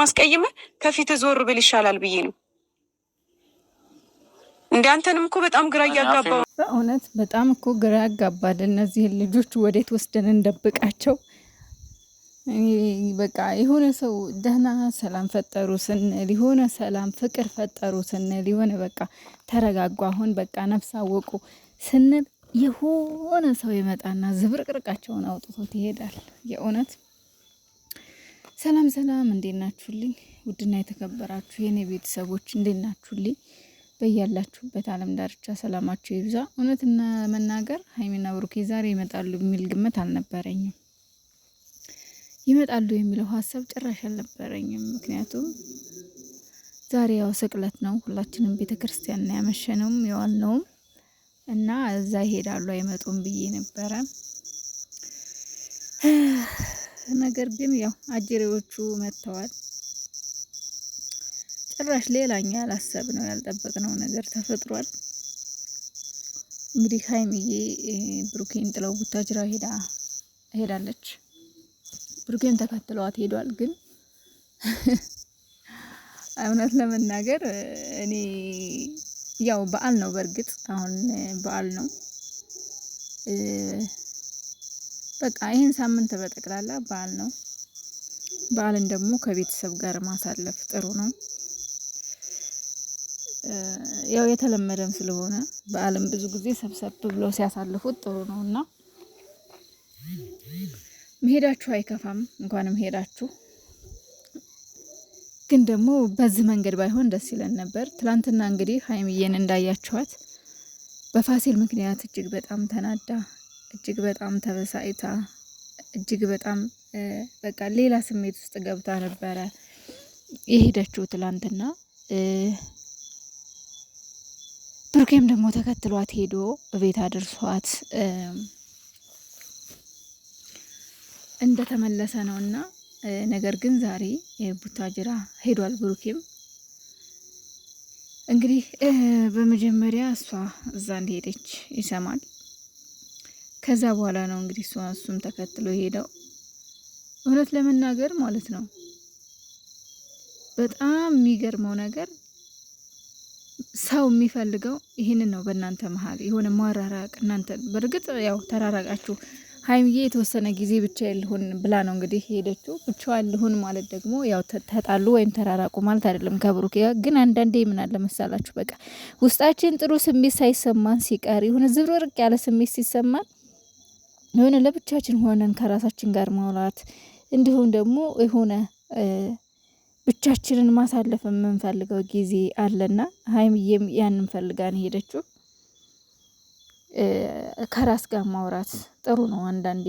ማስቀይመ ከፊት ዞር ብል ይሻላል ብዬ ነው። እንደ እኮ በጣም ግራ እያጋባ በእውነት በጣም እኮ ግራ ያጋባል። እነዚህን ልጆች ወዴት ወስደን እንደብቃቸው? በቃ የሆነ ሰው ደህና ሰላም ፈጠሩ ስንል የሆነ ሰላም ፍቅር ፈጠሩ ስንል የሆነ በቃ ተረጋጉ፣ አሁን በቃ ነፍስ አወቁ ስንል የሆነ ሰው ይመጣና ዝብርቅርቃቸውን አውጥቶት ይሄዳል የእውነት ሰላም ሰላም፣ እንዴት ናችሁልኝ? ውድና የተከበራችሁ የኔ ቤተሰቦች እንዴት ናችሁልኝ? በያላችሁበት ዓለም ዳርቻ ሰላማችሁ ይብዛ። እውነትና መናገር ሀይሚና ብሩኬ ዛሬ ይመጣሉ የሚል ግምት አልነበረኝም። ይመጣሉ የሚለው ሀሳብ ጭራሽ አልነበረኝም። ምክንያቱም ዛሬ ያው ስቅለት ነው፣ ሁላችንም ቤተ ክርስቲያን ነው ያመሸነውም የዋልነውም እና እዛ ይሄዳሉ አይመጡም ብዬ ነበረ ነገር ግን ያው አጀሬዎቹ መጥተዋል። ጭራሽ ሌላኛ ያላሰብነው ያልጠበቅነው ነገር ተፈጥሯል። እንግዲህ ሀይሚዬ ብሩኬን ጥለው ቡታጅራ ሄዳ ሄዳለች። ብሩኬን ተከትለዋት ሄዷል። ግን እውነት ለመናገር እኔ ያው በዓል ነው፣ በእርግጥ አሁን በዓል ነው በቃ ይህን ሳምንት በጠቅላላ በዓል ነው። በዓልን ደግሞ ከቤተሰብ ጋር ማሳለፍ ጥሩ ነው። ያው የተለመደም ስለሆነ በአልም ብዙ ጊዜ ሰብሰብ ብለው ሲያሳልፉት ጥሩ ነው እና መሄዳችሁ አይከፋም። እንኳንም ሄዳችሁ ግን ደግሞ በዚህ መንገድ ባይሆን ደስ ይለን ነበር። ትላንትና እንግዲህ ሀይሚዬን እንዳያችኋት በፋሲል ምክንያት እጅግ በጣም ተናዳ እጅግ በጣም ተበሳጭታ እጅግ በጣም በቃ ሌላ ስሜት ውስጥ ገብታ ነበረ የሄደችው ትላንትና። ብሩኬም ደግሞ ተከትሏት ሄዶ ቤት አድርሷት እንደተመለሰ ነው እና ነገር ግን ዛሬ ቡታጅራ ሄዷል ብሩኬም። እንግዲህ በመጀመሪያ እሷ እዛ እንደሄደች ይሰማል። ከዛ በኋላ ነው እንግዲህ እሷ እሱም ተከትሎ ሄደው እውነት ለመናገር ማለት ነው በጣም የሚገርመው ነገር ሰው የሚፈልገው ይህንን ነው። በእናንተ መሀል የሆነ ማራራቅ እናንተ በእርግጥ ያው ተራራቃችሁ። ሀይሚዬ የተወሰነ ጊዜ ብቻ ልሁን ብላ ነው እንግዲህ ሄደችው። ብቻዋ ልሁን ማለት ደግሞ ያው ተጣሉ ወይም ተራራቁ ማለት አይደለም። ከብሩክ ግን አንዳንዴ ምን አለ መሰላችሁ፣ በቃ ውስጣችን ጥሩ ስሜት ሳይሰማን ሲቀር የሆነ ዝብርርቅ ያለ ስሜት ሲሰማን የሆነ ለብቻችን ሆነን ከራሳችን ጋር ማውራት እንዲሁም ደግሞ የሆነ ብቻችንን ማሳለፍ የምንፈልገው ጊዜ አለና ሀይምዬም ያንን ፈልጋ ሄደችው። የሄደችው። ከራስ ጋር ማውራት ጥሩ ነው። አንዳንዴ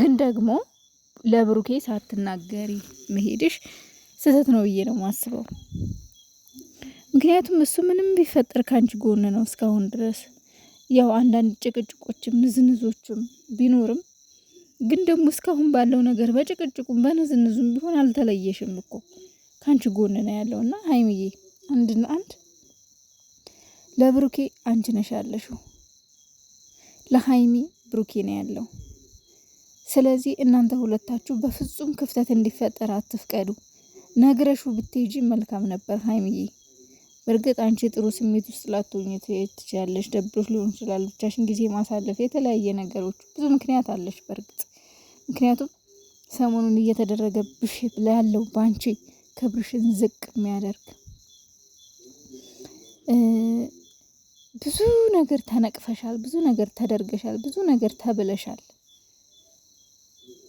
ግን ደግሞ ለብሩኬ ሳትናገሪ መሄድሽ ስህተት ነው ብዬ ነው የማስበው። ምክንያቱም እሱ ምንም ቢፈጠር ከአንቺ ጎን ነው እስካሁን ድረስ ያው አንዳንድ ጭቅጭቆችም ንዝንዞችም ቢኖርም ግን ደግሞ እስካሁን ባለው ነገር በጭቅጭቁም በንዝንዙም ቢሆን አልተለየሽም እኮ ከአንቺ ጎን ነው ያለው እና ሀይሚዬ አንድና አንድ ለብሩኬ አንቺ ነሽ ያለሽው፣ ለሀይሚ ብሩኬ ነው ያለው። ስለዚህ እናንተ ሁለታችሁ በፍጹም ክፍተት እንዲፈጠር አትፍቀዱ። ነግረሹ ብትሄጂ መልካም ነበር ሀይሚዬ። በእርግጥ አንቺ ጥሩ ስሜት ውስጥ ላትሆኝ ትችያለሽ፣ ደብሮሽ ሊሆን ይችላል፣ ብቻሽን ጊዜ ማሳለፍ፣ የተለያየ ነገሮች ብዙ ምክንያት አለሽ። በእርግጥ ምክንያቱም ሰሞኑን እየተደረገ እየተደረገብሽ ላለው በአንቺ ክብርሽን ዝቅ የሚያደርግ ብዙ ነገር ተነቅፈሻል፣ ብዙ ነገር ተደርገሻል፣ ብዙ ነገር ተብለሻል።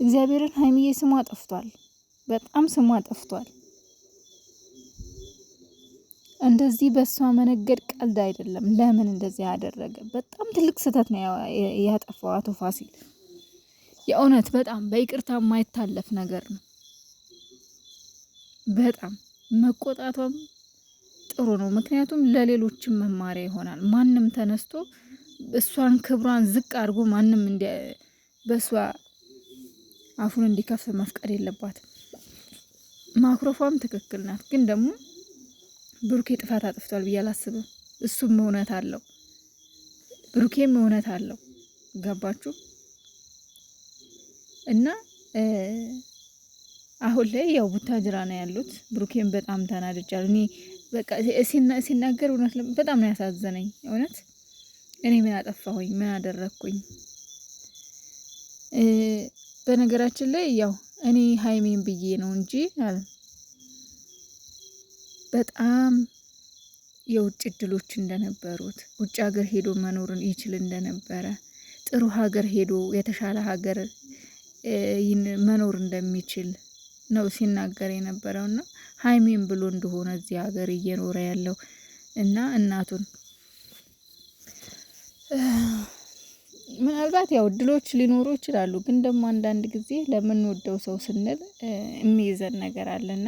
እግዚአብሔርን ሀይሚዬ ስሟ ጠፍቷል፣ በጣም ስሟ ጠፍቷል። እንደዚህ በእሷ መነገድ ቀልድ አይደለም። ለምን እንደዚህ ያደረገ በጣም ትልቅ ስህተት ነው ያጠፋው አቶ ፋሲል። የእውነት በጣም በይቅርታ የማይታለፍ ነገር ነው። በጣም መቆጣቷም ጥሩ ነው፣ ምክንያቱም ለሌሎችም መማሪያ ይሆናል። ማንም ተነስቶ እሷን ክብሯን ዝቅ አድርጎ ማንም በእሷ አፉን እንዲከፍት መፍቀድ የለባትም። ማኩረፏም ትክክል ናት፣ ግን ደግሞ ብሩኬ ጥፋት አጥፍቷል ብዬ አላስብም። እሱም እውነት አለው፣ ብሩኬም እውነት አለው። ገባችሁ እና አሁን ላይ ያው ቡታጅራ ነው ያሉት። ብሩኬም በጣም ተናድጃል። እኔ በቃ ሲናገር እውነት በጣም ነው ያሳዘነኝ። እውነት እኔ ምን አጠፋሁኝ? ምን አደረግኩኝ? በነገራችን ላይ ያው እኔ ሀይሜን ብዬ ነው እንጂ በጣም የውጭ እድሎች እንደነበሩት ውጭ ሀገር ሄዶ መኖርን ይችል እንደነበረ ጥሩ ሀገር ሄዶ የተሻለ ሀገር መኖር እንደሚችል ነው ሲናገር የነበረው እና ሀይሜን ብሎ እንደሆነ እዚህ ሀገር እየኖረ ያለው እና እናቱን ምናልባት ያው እድሎች ሊኖሩ ይችላሉ። ግን ደግሞ አንዳንድ ጊዜ ለምንወደው ሰው ስንል የሚይዘን ነገር አለና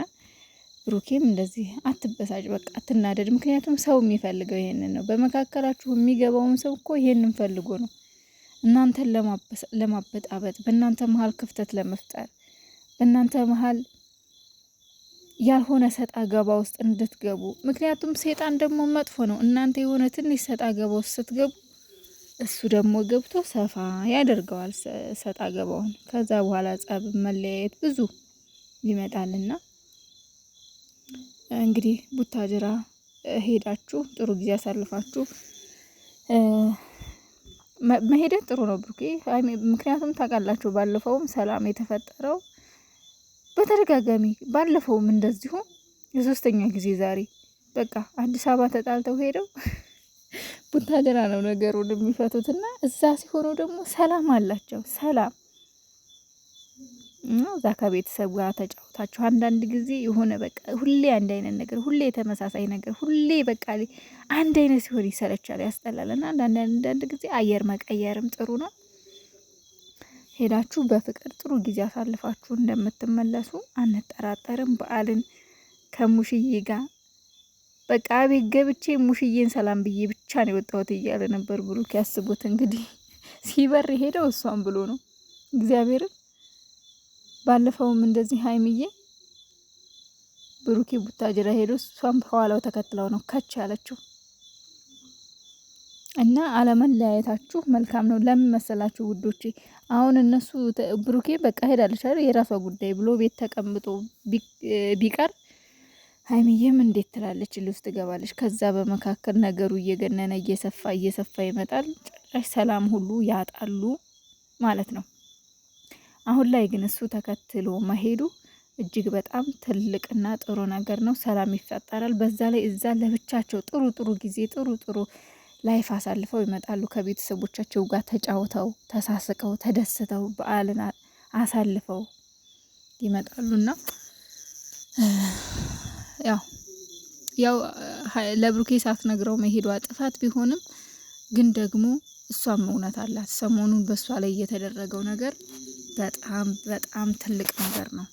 ብሩኬም እንደዚህ አትበሳጭ፣ በቃ አትናደድ። ምክንያቱም ሰው የሚፈልገው ይሄንን ነው። በመካከላችሁ የሚገባውን ሰው እኮ ይሄንን ፈልጎ ነው እናንተን ለማበጣበጥ፣ በእናንተ መሀል ክፍተት ለመፍጠር፣ በእናንተ መሀል ያልሆነ ሰጣ ገባ ውስጥ እንድትገቡ። ምክንያቱም ሴጣን ደግሞ መጥፎ ነው። እናንተ የሆነ ትንሽ ሰጣ ገባ ውስጥ ስትገቡ እሱ ደግሞ ገብቶ ሰፋ ያደርገዋል ሰጣ ገባውን። ከዛ በኋላ ጸብ፣ መለያየት ብዙ ይመጣልና እንግዲህ ቡታጅራ ሄዳችሁ ጥሩ ጊዜ ያሳልፋችሁ መሄደ ጥሩ ነው ብሩኬ። ምክንያቱም ታውቃላችሁ ባለፈውም ሰላም የተፈጠረው በተደጋጋሚ ባለፈውም እንደዚሁ የሶስተኛ ጊዜ ዛሬ በቃ አዲስ አበባ ተጣልተው ሄደው ቡታጅራ ነው ነገሩን የሚፈቱትና እዛ ሲሆኑ ደግሞ ሰላም አላቸው ሰላም እዛ ከቤተሰብ ጋር ተጫውታችሁ አንዳንድ ጊዜ የሆነ በቃ ሁሌ አንድ አይነት ነገር፣ ሁሌ ተመሳሳይ ነገር፣ ሁሌ በቃ አንድ አይነት ሲሆን ይሰለቻል፣ ያስጠላል። እና አንዳንድ ጊዜ አየር መቀየርም ጥሩ ነው። ሄዳችሁ በፍቅር ጥሩ ጊዜ አሳልፋችሁ እንደምትመለሱ አንጠራጠርም። በዓልን ከሙሽዬ ጋር በቃ ቤት ገብቼ ሙሽዬን ሰላም ብዬ ብቻ ነው የወጣሁት እያለ ነበር ብሩክ። ያስቡት እንግዲህ ሲበር ሄደው እሷን ብሎ ነው እግዚአብሔርን ባለፈውም እንደዚህ ሀይምዬ ብሩኬ ቡታጅራ ሄዶ እሷም ከኋላው ተከትለው ነው ከች ያለችው እና አለመለያየታችሁ መልካም ነው። ለምን መሰላችሁ ውዶቼ? አሁን እነሱ ብሩኬ በቃ ሄዳለች አይደል የራሷ ጉዳይ ብሎ ቤት ተቀምጦ ቢቀር ሀይሚዬም እንዴት ትላለች? እልህ ውስጥ ትገባለች። ከዛ በመካከል ነገሩ እየገነነ እየሰፋ እየሰፋ ይመጣል። ጭራሽ ሰላም ሁሉ ያጣሉ ማለት ነው። አሁን ላይ ግን እሱ ተከትሎ መሄዱ እጅግ በጣም ትልቅና ጥሩ ነገር ነው። ሰላም ይፈጠራል። በዛ ላይ እዛ ለብቻቸው ጥሩ ጥሩ ጊዜ ጥሩ ጥሩ ላይፍ አሳልፈው ይመጣሉ። ከቤተሰቦቻቸው ጋር ተጫውተው ተሳስቀው ተደስተው በዓልን አሳልፈው ይመጣሉና ያው ያው ለብሩኬ ሳትነግረው መሄዷ ጥፋት ቢሆንም ግን ደግሞ እሷም እውነት አላት። ሰሞኑን በእሷ ላይ የተደረገው ነገር በጣም በጣም ትልቅ ነገር ነው።